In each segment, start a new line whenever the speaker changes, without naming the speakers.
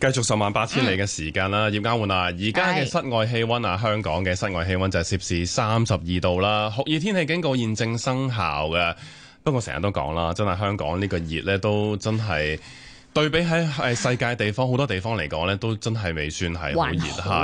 繼續十萬八千里嘅時間啦、嗯，葉監護啊，而家嘅室外氣温啊，香港嘅室外氣温就係攝氏三十二度啦。酷熱天氣警告現正生效嘅，不過成日都講啦，真係香港呢個熱呢，都真係。對比喺世界地方，好多地方嚟講咧，都真係未算係好熱。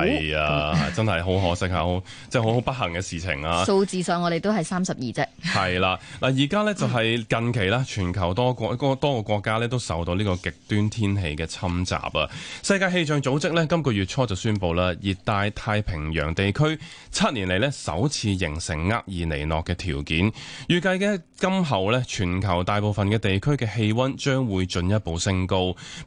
係啊，真係好可惜啊，即係好好不幸嘅事情啊。數
字上我哋都係三十二啫。
係啦、啊，嗱，而家咧就係近期啦，全球多國多個國家咧都受到呢個極端天氣嘅侵襲啊！世界氣象組織咧今個月初就宣布啦，熱帶太平洋地區七年嚟咧首次形成厄爾尼諾嘅條件，預計嘅今後咧全球大部分嘅地區嘅氣溫將會進一步升高。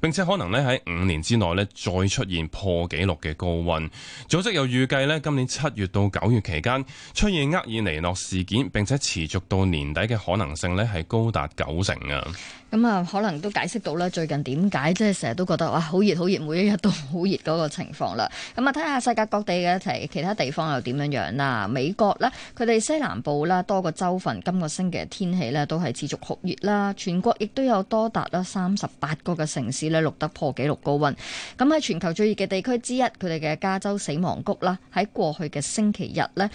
並且可能呢喺五年之內呢再出現破紀錄嘅高温。組織又預計呢，今年七月到九月期間出現厄爾尼諾事件，並且持續到年底嘅可能性呢係高達九成啊！
咁啊，可能都解釋到咧最近點解即係成日都覺得哇好熱好熱，每一日都好熱嗰個情況啦。咁、嗯、啊，睇下世界各地嘅一齊其他地方又點樣樣啦。美國啦，佢哋西南部啦多個州份今個星期天氣呢都係持續酷熱啦，全國亦都有多達啦三十八個，個城市呢錄得破紀錄高温，咁喺全球最熱嘅地區之一，佢哋嘅加州死亡谷啦，喺過去嘅星期日呢。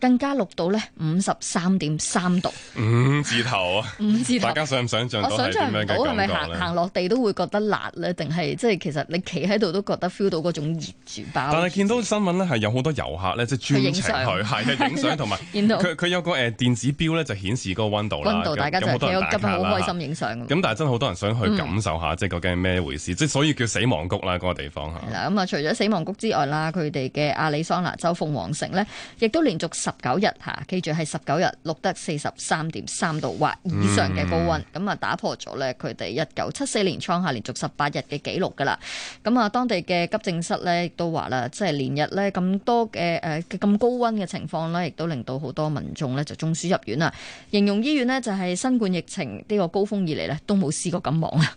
更加錄到咧五十三點三度，五
字頭啊！五字頭，大家想唔想象到係點樣嘅感覺咧？我想象唔到，係咪行行
落地都會覺得辣咧？定係即係其實你企喺度都覺得 feel 到嗰種熱住？但
係見到新聞咧，係有好多遊客咧，即係專程去，影相，同埋佢有個誒電子錶咧，就顯示嗰個溫度啦。溫度大家有、就、好、是、多大好開心影相。咁但係真係好多人想去感受下，即係究竟係咩回事？嗯、即係所以叫死亡谷啦，嗰、那個地方嚇。
咁、嗯、啊，除咗死亡谷之外啦，佢哋嘅亞利桑那州鳳凰城咧，亦都連續十九日吓，記住係十九日錄得四十三點三度或以上嘅高温，咁、mm. 啊打破咗咧佢哋一九七四年創下連續十八日嘅紀錄噶啦。咁啊，當地嘅急症室咧亦都話啦，即係連日咧咁多嘅誒咁高温嘅情況咧，亦都令到好多民眾咧就中暑入院啦。形容醫院呢，就係新冠疫情呢個高峰以嚟咧都冇試過咁忙啊。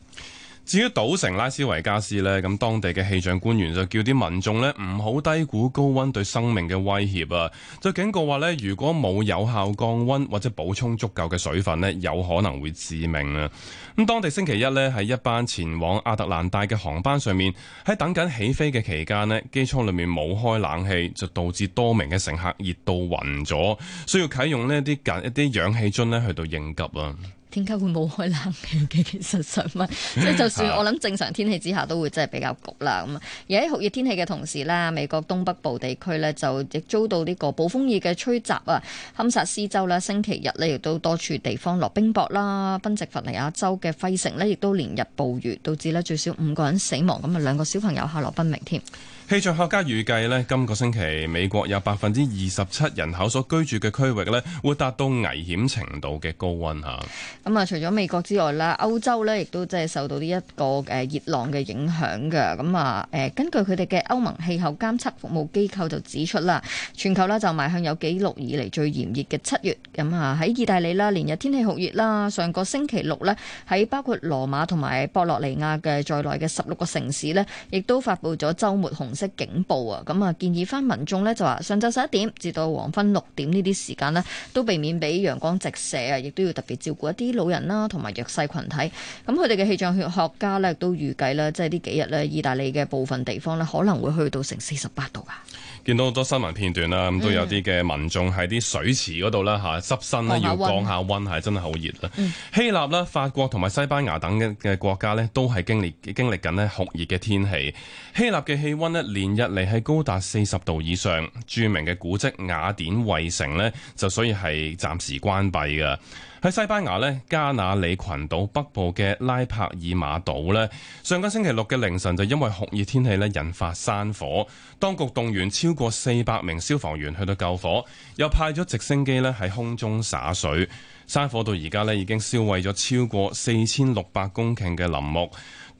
至於賭城拉斯維加斯呢，咁當地嘅氣象官員就叫啲民眾呢唔好低估高温對生命嘅威脅啊！就警告話呢，如果冇有，有效降温或者補充足夠嘅水分有可能會致命啊！咁當地星期一呢，喺一班前往亞特蘭大嘅航班上面，喺等緊起飛嘅期間呢，機艙裏面冇開冷氣，就導致多名嘅乘客熱到暈咗，需要啟用呢一啲一啲氧氣樽去到應急啊！
點解會冇開冷氣嘅，其實想問，即 係就，就算我諗正常天氣之下，都會真係比較焗啦咁啊。而喺酷熱天氣嘅同時呢，美國東北部地區呢就亦遭到呢個暴風雨嘅吹襲啊，堪薩斯州咧星期日呢亦都多處地方落冰雹啦，賓夕法尼亞州嘅費城呢亦都連日暴雨，導致呢最少五個人死亡，咁啊兩個小朋友下落不明添。
氣象學家預計咧，今個星期美國有百分之二十七人口所居住嘅區域咧，會達到危險程度嘅高溫吓。
咁、嗯、啊，除咗美國之外啦，歐洲咧亦都即係受到呢一個誒熱浪嘅影響嘅。咁、嗯、啊，誒根據佢哋嘅歐盟氣候監測服務機構就指出啦，全球啦就邁向有紀錄以嚟最炎熱嘅七月。咁、嗯、啊，喺意大利啦，連日天氣酷熱啦，上個星期六咧，喺包括羅馬同埋博洛尼亞嘅在內嘅十六個城市咧，亦都發佈咗周末紅。色警報啊，咁啊建議翻民眾呢，就話，上晝十一點至到黃昏六點呢啲時間呢，都避免俾陽光直射啊，亦都要特別照顧一啲老人啦同埋弱勢群體。咁佢哋嘅氣象學家呢，亦都預計呢，即係呢幾日呢，意大利嘅部分地方呢，可能會去到成四十八度啊。
見到好多新聞片段啦，咁都有啲嘅民眾喺啲水池嗰度啦，吓濕身咧，要降下溫，係、嗯、真係好熱啦、嗯。希臘啦、法國同埋西班牙等嘅嘅國家呢，都係經歷經歷緊呢酷熱嘅天氣。希臘嘅氣溫呢，連日嚟係高達四十度以上，著名嘅古蹟雅典衛城呢，就所以係暫時關閉噶。喺西班牙呢，加那利群島北部嘅拉帕爾馬島呢，上個星期六嘅凌晨就因為酷熱天氣呢，引發山火，當局動員超。超過四百名消防員去到救火，又派咗直升機咧，喺空中灑水。山火到而家已經燒毀咗超過四千六百公頃嘅林木。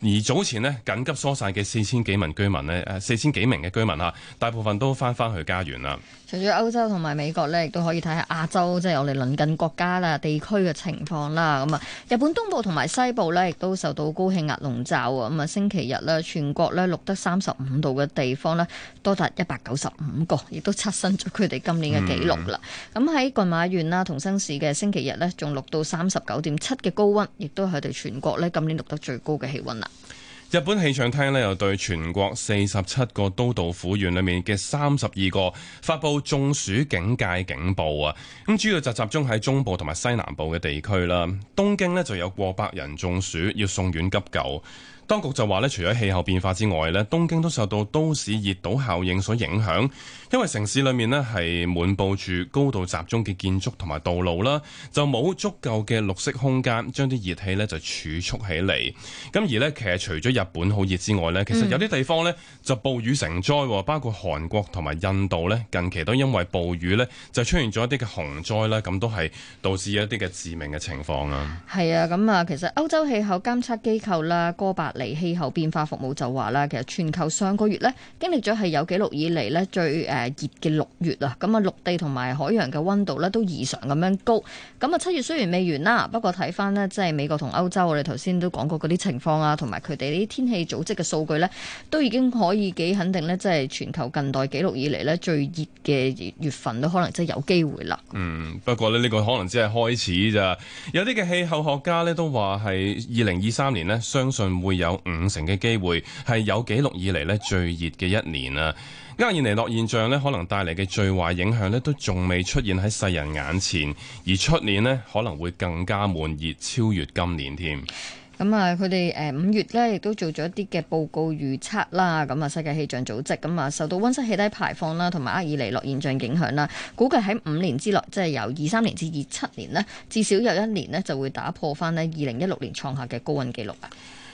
而早前呢緊急疏散嘅四千幾名居民，誒四千幾名嘅居民大部分都翻翻去家園啦。
除咗歐洲同埋美國呢亦都可以睇下亞洲，即係我哋鄰近國家啦、地區嘅情況啦。咁啊，日本東部同埋西部呢，亦都受到高氣壓籠罩啊。咁啊，星期日呢，全國呢錄得三十五度嘅地方呢，多達一百九十五個，亦都刷新咗佢哋今年嘅紀錄啦。咁喺群馬縣啦、同生市嘅星期日呢，仲錄到三十九點七嘅高溫，亦都係佢哋全國呢今年錄得最高嘅氣溫啦。
日本氣象廳呢又對全國四十七個都道府縣裏面嘅三十二個發布中暑警戒警報啊！咁主要就集中喺中部同埋西南部嘅地區啦。東京呢就有過百人中暑要送院急救。當局就話咧，除咗氣候變化之外咧，東京都受到都市熱島效應所影響，因為城市裏面咧係滿佈住高度集中嘅建築同埋道路啦，就冇足夠嘅綠色空間，將啲熱氣咧就儲蓄起嚟。咁而咧，其實除咗日本好熱之外咧，其實有啲地方咧就暴雨成災，包括韓國同埋印度咧近期都因為暴雨咧就出現咗一啲嘅洪災啦，咁都係導致一啲嘅致命嘅情況啊。
係啊，咁啊，其實歐洲氣候監測機構啦，哥白嚟氣候變化服務就話啦，其實全球上個月咧經歷咗係有記錄以嚟咧最誒熱嘅六月啊，咁啊陸地同埋海洋嘅溫度咧都異常咁樣高。咁啊七月雖然未完啦，不過睇返呢，即係美國同歐洲，我哋頭先都講過嗰啲情況啊，同埋佢哋啲天氣組織嘅數據呢，都已經可以幾肯定呢，即係全球近代記錄以嚟咧最熱嘅月份都可能即係有機會啦。嗯，
不過呢，呢個可能只係開始咋，有啲嘅氣候學家呢，都話係二零二三年呢，相信會。有五成嘅機會係有紀錄以嚟咧最熱嘅一年啦。厄爾尼諾現象咧，可能帶嚟嘅最壞影響咧，都仲未出現喺世人眼前，而出年咧可能會更加悶熱，超越今年添。
咁啊，佢哋誒五月咧亦都做咗一啲嘅報告預測啦。咁啊，世界氣象組織咁啊，受到溫室氣體排放啦，同埋厄爾尼諾現象影響啦，估計喺五年之內，即係由二三年至二七年咧，至少有一年咧就會打破翻咧二零一六年創下嘅高温紀錄啊。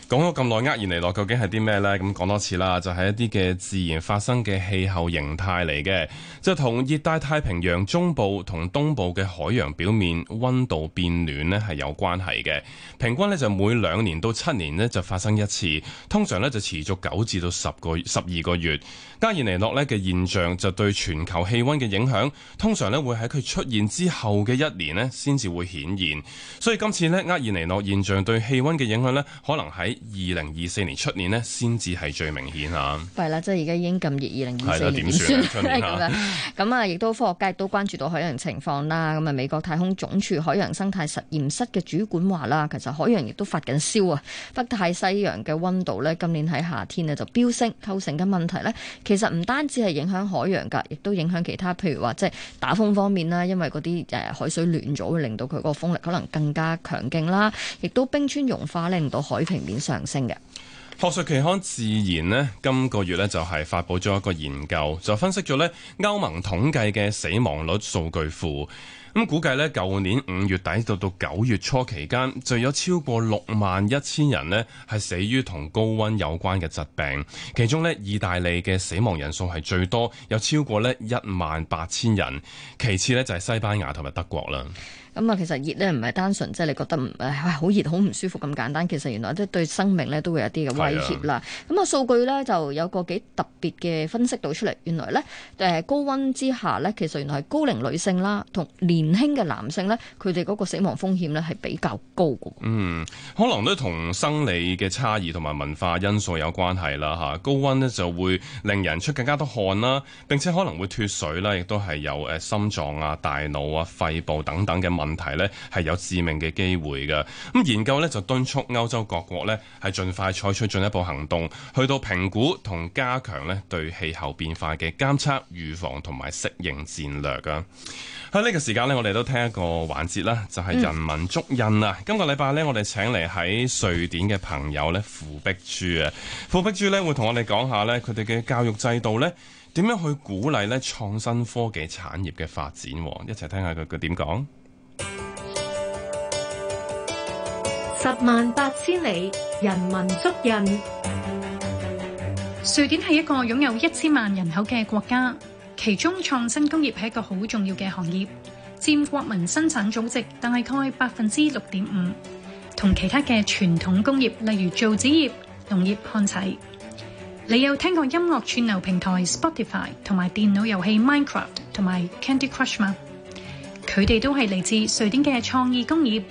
講咗咁耐厄爾尼諾究竟係啲咩呢？咁講多次啦，就係一啲嘅自然發生嘅氣候形態嚟嘅，即係同熱帶太平洋中部同東部嘅海洋表面溫度變暖呢係有關係嘅。平均呢，就每兩年到七年呢就發生一次，通常呢就持續九至到十個十二個月。厄爾尼諾呢嘅現象就對全球氣溫嘅影響，通常呢會喺佢出現之後嘅一年呢先至會顯現。所以今次呢，厄爾尼諾現象對氣溫嘅影響呢，可能喺。二零二四年出年呢，先至係最明顯嚇。
係啦，即係而家已經咁熱，二零二四年先算出 年啦一。 咁啊，亦都科學家都關注到海洋情況啦。咁啊，美國太空總署海洋生態實驗室嘅主管話啦，其實海洋亦都發緊燒啊。北太西洋嘅溫度呢，今年喺夏天呢就飆升，構成嘅問題呢，其實唔單止係影響海洋㗎，亦都影響其他，譬如話即係打風方面啦，因為嗰啲誒海水暖咗，會令到佢個風力可能更加強勁啦。亦都冰川融化令到海平面上
學術期刊自然今個月就係發布咗一個研究，就分析咗呢歐盟統計嘅死亡率數據庫，咁估計呢舊年五月底到到九月初期間，就有超過六萬一千人呢係死於同高温有關嘅疾病，其中意大利嘅死亡人數係最多，有超過一萬八千人，其次就係西班牙同埋德國啦。
咁啊，其實熱咧唔係單純即係你覺得唔誒好熱好唔舒服咁簡單，其實原來即係對生命咧都會有啲嘅威脅啦。咁啊，數據咧就有個幾特別嘅分析到出嚟，原來咧誒高溫之下咧，其實原來係高齡女性啦同年輕嘅男性咧，佢哋嗰個死亡風險咧係比較
高嘅。嗯，可能都同生理嘅差異同埋文化因素有關係啦吓。高溫咧就會令人出更加多汗啦，並且可能會脫水啦，亦都係有誒心臟啊、大腦啊、肺部等等嘅問題。問題咧係有致命嘅機會噶，咁研究咧就敦促歐洲各國咧係盡快採取進一步行動，去到評估同加強咧對氣候變化嘅監測、預防同埋適應戰略噶。喺呢個時間我哋都聽一個環節啦，就係、是、人文足印啊、嗯。今個禮拜我哋請嚟喺瑞典嘅朋友咧，傅碧珠啊，傅碧珠咧會同我哋講下咧佢哋嘅教育制度，咧點樣去鼓勵咧創新科技產業嘅發展，一齊聽一下佢佢點講。
十萬八千里，人文足印。瑞典係一個擁有一千萬人口嘅國家，其中創新工業係一個好重要嘅行業，占國民生產總值大概百分之六點五，同其他嘅傳統工業，例如造紙業、農業看齊。你有聽過音樂串流平台 Spotify 同埋電腦遊戲 Minecraft 同埋 Candy Crush 嗎？佢哋都係嚟自瑞典嘅創意工業。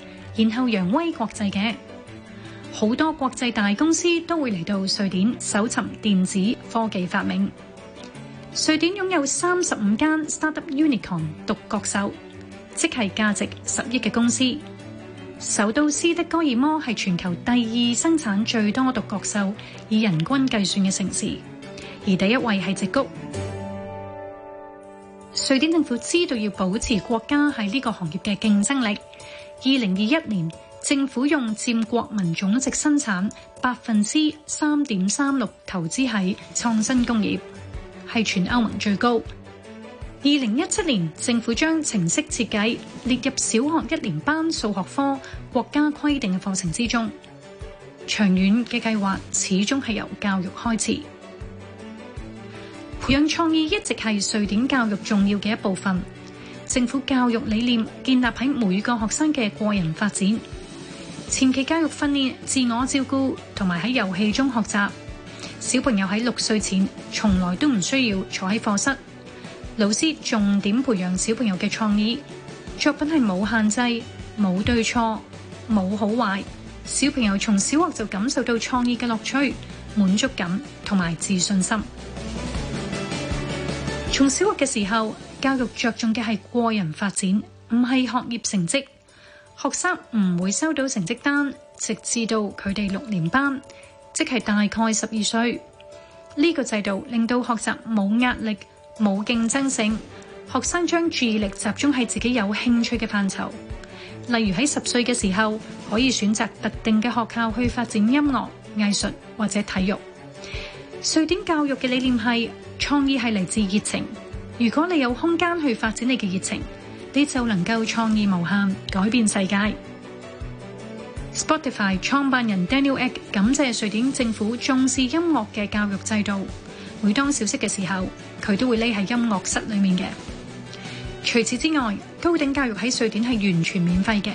然後，揚威國際嘅好多國際大公司都會嚟到瑞典搜尋電子科技發明。瑞典擁有三十五間 Startup Unicorn 獨角獸，即係價值十億嘅公司。首都斯德哥爾摩係全球第二生產最多獨角獸，以人均計算嘅城市，而第一位係直谷。瑞典政府知道要保持國家喺呢個行業嘅競爭力。二零二一年，政府用佔國民總值生產百分之三點三六投資喺創新工業，係全歐盟最高。二零一七年，政府將程式設計列入小學一年班數學科國家規定嘅課程之中。長遠嘅計劃始終係由教育開始，培養創意一直係瑞典教育重要嘅一部分。政府教育理念建立喺每個學生嘅個人發展，前期教育訓練自我照顧同埋喺遊戲中學習。小朋友喺六歲前從來都唔需要坐喺課室，老師重點培養小朋友嘅創意作品係冇限制、冇對錯、冇好壞。小朋友從小學就感受到創意嘅樂趣、滿足感同埋自信心。從小學嘅時候。教育着重嘅係個人發展，唔係學業成績。學生唔會收到成績單，直至到佢哋六年班，即係大概十二歲。呢個制度令到學習冇壓力、冇競爭性，學生將注意力集中喺自己有興趣嘅範疇，例如喺十歲嘅時候可以選擇特定嘅學校去發展音樂、藝術或者體育。瑞典教育嘅理念係創意係嚟自熱情。如果你有空間去發展你嘅熱情，你就能夠創意無限，改變世界。Spotify 創辦人 Daniel Ek 感謝瑞典政府重視音樂嘅教育制度。每當小息嘅時候，佢都會匿喺音樂室裏面嘅。除此之外，高等教育喺瑞典係完全免費嘅，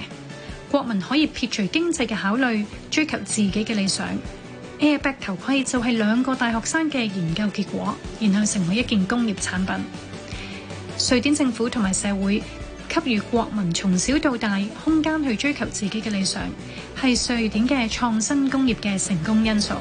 國民可以撇除經濟嘅考慮，追求自己嘅理想。Airbag 頭盔就係兩個大學生嘅研究結果，然後成為一件工業產品。瑞典政府同埋社會給予國民從小到大空間去追求自己嘅理想，係瑞典嘅創新工業嘅成功因素。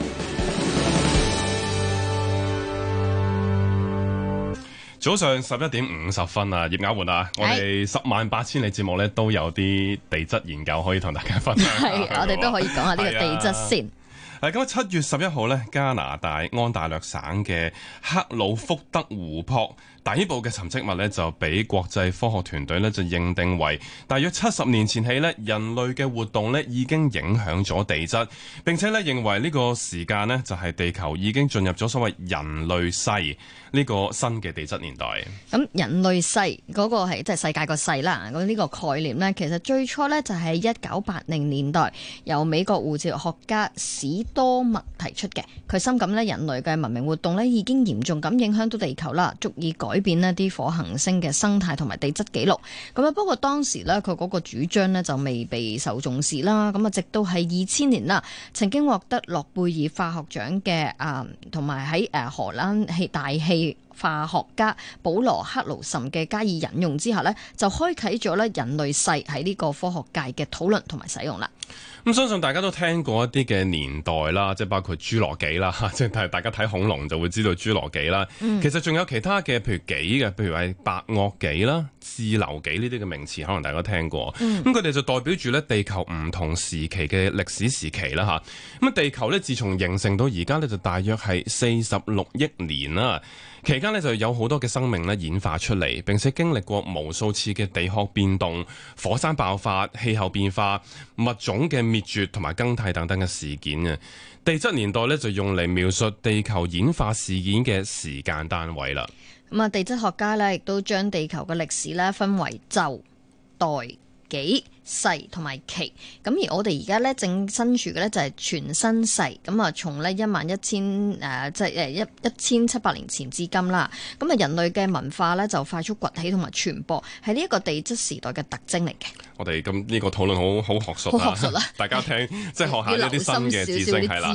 早上十一點五十分啊，葉雅煥啊，我哋十萬八千里節目呢都有啲地質研究可以同大家分享，
係我哋都可以講下呢個地質先。
係咁，七月十一號呢，加拿大安大略省嘅克魯福德湖泊底部嘅沉積物呢，就俾國際科學團隊咧就認定為大約七十年前起呢，人類嘅活動呢，已經影響咗地質，並且呢認為呢個時間呢，就係、是、地球已經進入咗所謂人類世呢、呢個新嘅地質年代。
咁人類世嗰、嗰個係即係世界個、嗰個世啦，咁呢個概念呢，其實最初呢，就係一九八零年代由美國護照學家史。多默提出嘅，佢深感咧人類嘅文明活動咧已經嚴重咁影響到地球啦，足以改變咧啲火星星嘅生態同埋地質記錄。咁啊，不過當時咧佢嗰個主張咧就未被受重視啦。咁啊，直到係二千年啦，曾經獲得諾貝爾化學獎嘅啊，同埋喺誒荷蘭氣大氣。化學家保羅克魯岑嘅加以引用之下，呢就開啟咗咧人類世喺呢個科學界嘅討論同埋使用啦。咁
相信大家都聽過一啲嘅年代啦，即係包括侏羅紀啦，即係大家睇恐龍就會知道侏羅紀啦。嗯、其實仲有其他嘅，譬如紀嘅，譬如係白堊紀啦。志留紀呢啲嘅名詞，可能大家聽過。咁佢哋就代表住咧地球唔同時期嘅歷史時期啦吓，咁地球咧，自從形成到而家咧，就大約係四十六億年啦。期間呢就有好多嘅生命咧演化出嚟，並且經歷過無數次嘅地殼變動、火山爆發、氣候變化、物種嘅滅絕同埋更替等等嘅事件。嘅地質年代咧，就用嚟描述地球演化事件嘅時間單位啦。
咁啊，地質學家咧，亦都將地球嘅歷史咧，分為宙、代、紀。世同埋奇，咁而我哋而家咧正身處嘅咧就係全新世，咁啊從呢一萬一千誒即係誒一一千七百年前至今啦，咁啊人類嘅文化咧就快速崛起同埋傳播，係呢一個地質時代嘅特徵嚟嘅。
我哋咁呢個討論好好學術啊，大家聽即係 學一下呢啲新嘅知識係啦。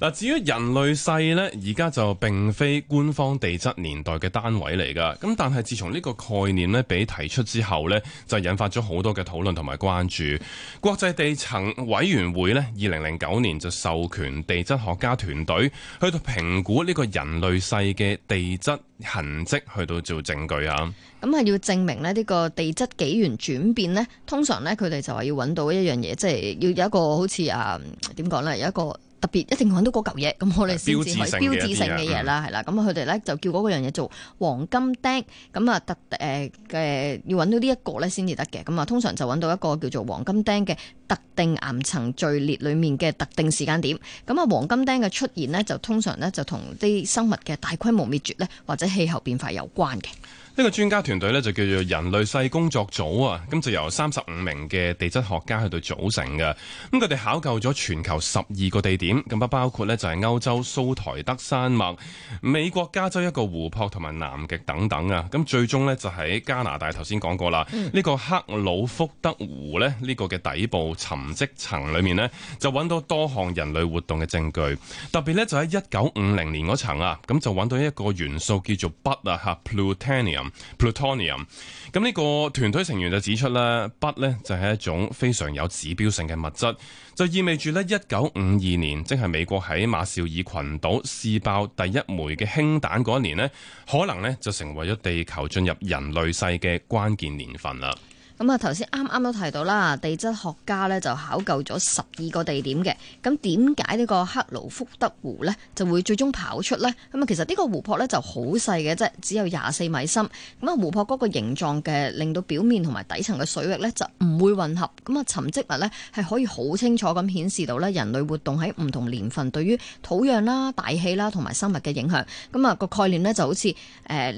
嗱， 至於人類世咧，而家就並非官方地質年代嘅單位嚟㗎，咁但係自從呢個概念咧俾提出之後咧，就引發咗好多嘅討論同埋。關注國際地層委員會呢，二零零九年就授權地質學家團隊去到評估呢個人類世嘅地質痕跡，去到做證據啊！
咁係要證明咧呢個地質紀元轉變呢，通常呢，佢哋就話要搵到一樣嘢，即係要有一個好似啊點講呢？有一個。特別一定揾到嗰嚿嘢，咁我哋先至可以標誌性嘅嘢啦，係啦。咁佢哋咧就叫嗰樣嘢做黃金釘。咁啊，特誒嘅要揾到呢一個咧先至得嘅。咁啊，通常就揾到一個叫做黃金釘嘅特定岩層序列裡面嘅特定時間點。咁啊，黃金釘嘅出現咧，就通常咧就同啲生物嘅大規模滅絕咧，或者氣候變化有關嘅。
呢個專家團隊咧就叫做人類世工作組啊，咁就由三十五名嘅地質學家去到組成嘅。咁佢哋考究咗全球十二個地點，咁不包括呢就係歐洲蘇台德山脈、美國加州一個湖泊同埋南極等等啊。咁最終呢就喺加拿大頭先講過啦，呢個克魯福德湖呢呢個嘅底部沉積層裏面呢就揾到多項人類活動嘅證據，特別呢，就喺一九五零年嗰層啊，咁就揾到一個元素叫做鈽啊嚇，plutonium。Plutonium，咁呢個團隊成員就指出咧，筆呢就係一種非常有指標性嘅物質，就意味住咧一九五二年，即係美國喺馬紹爾群島試爆第一枚嘅氫彈嗰一年呢，可能呢就成為咗地球進入人類世嘅關鍵年份啦。
咁啊，頭先啱啱都提到啦，地質學家咧就考究咗十二個地點嘅。咁點解呢個克勞福德湖咧就會最終跑出咧？咁啊，其實呢個湖泊咧就好細嘅啫，只有廿四米深。咁啊，湖泊嗰個形狀嘅令到表面同埋底層嘅水域咧就唔會混合。咁啊，沉積物咧係可以好清楚咁顯示到咧人類活動喺唔同年份對於土壤啦、大氣啦同埋生物嘅影響。咁啊，個概念咧就好似誒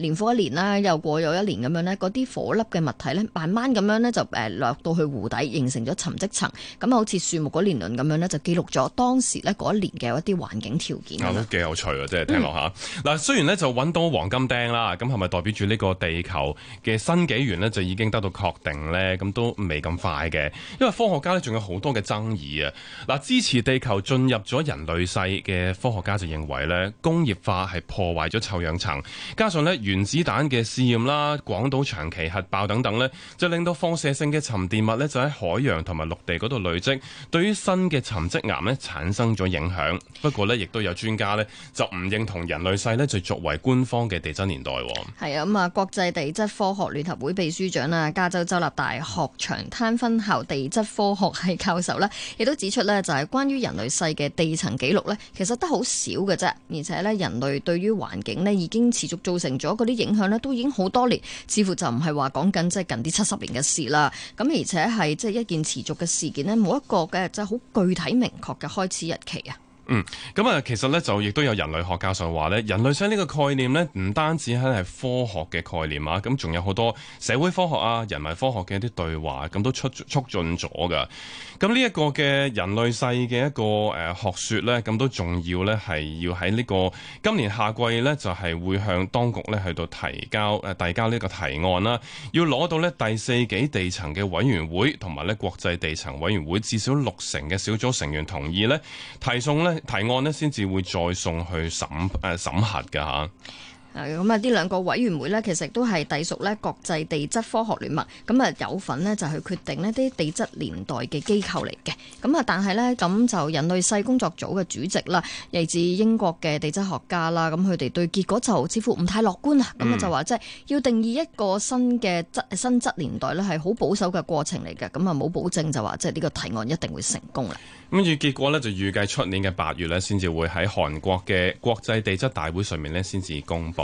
年復一年啦，又過又一年咁樣咧，啲顆粒嘅物體咧慢慢咁樣。就誒落到去湖底形成咗沉積層，咁好似樹木嗰年輪咁樣呢，就記錄咗當時呢嗰一年嘅一啲環境條件。啊，都
幾有趣啊！即係聽落吓嗱，雖然呢就揾到黃金釘啦，咁係咪代表住呢個地球嘅新紀元呢？就已經得到確定呢？咁都未咁快嘅，因為科學家呢仲有好多嘅爭議啊！嗱，支持地球進入咗人類世嘅科學家就認為呢，工業化係破壞咗臭氧層，加上呢原子彈嘅試驗啦、廣島長崎核爆等等呢，就令到放射性嘅沉澱物呢，就喺海洋同埋陸地嗰度累積，對於新嘅沉積岩呢產生咗影響。不過呢，亦都有專家呢，就唔認同人類世呢，就作為官方嘅地質年代。
係啊，咁啊，國際地質科學聯合會秘書長啊，加州州立大學長灘分校地質科學系教授啦，亦都指出呢，就係關於人類世嘅地層記錄呢，其實得好少嘅啫。而且呢，人類對於環境呢，已經持續造成咗嗰啲影響呢，都已經好多年，似乎就唔係話講緊，即係近啲七十年嘅事啦，咁而且係即係一件持續嘅事件咧，冇一個嘅即係好具體明確嘅開始日期啊。
嗯，咁啊，其實咧就亦都有人類學教授話咧，人類世呢個概念咧，唔單止係科學嘅概念啊，咁仲有好多社會科學啊、人文科學嘅一啲對話，咁都促促進咗嘅。咁呢一個嘅人類世嘅一個誒學說咧，咁都仲要咧，係要喺呢個今年夏季咧，就係會向當局咧去到提交誒遞交呢個提案啦。要攞到咧第四紀地層嘅委員會同埋咧國際地層委員會至少六成嘅小組成員同意咧，提送咧。提案咧，先至會再送去審誒審核㗎吓。
咁啊！啲兩個委員會呢，其實都係隸屬呢國際地質科學聯盟。咁啊，有份呢，就去決定呢啲地質年代嘅機構嚟嘅。咁啊，但係呢，咁就人類世工作組嘅主席啦，嚟自英國嘅地質學家啦。咁佢哋對結果就似乎唔太樂觀啊。咁、嗯、啊，就話即係要定義一個新嘅新質年代呢，係好保守嘅過程嚟嘅。咁啊，冇保證就話即係呢個提案一定會成
功啦。咁預結果呢，就預計出年嘅八月呢，先至會喺韓國嘅國際地質大會上面呢，先至公佈。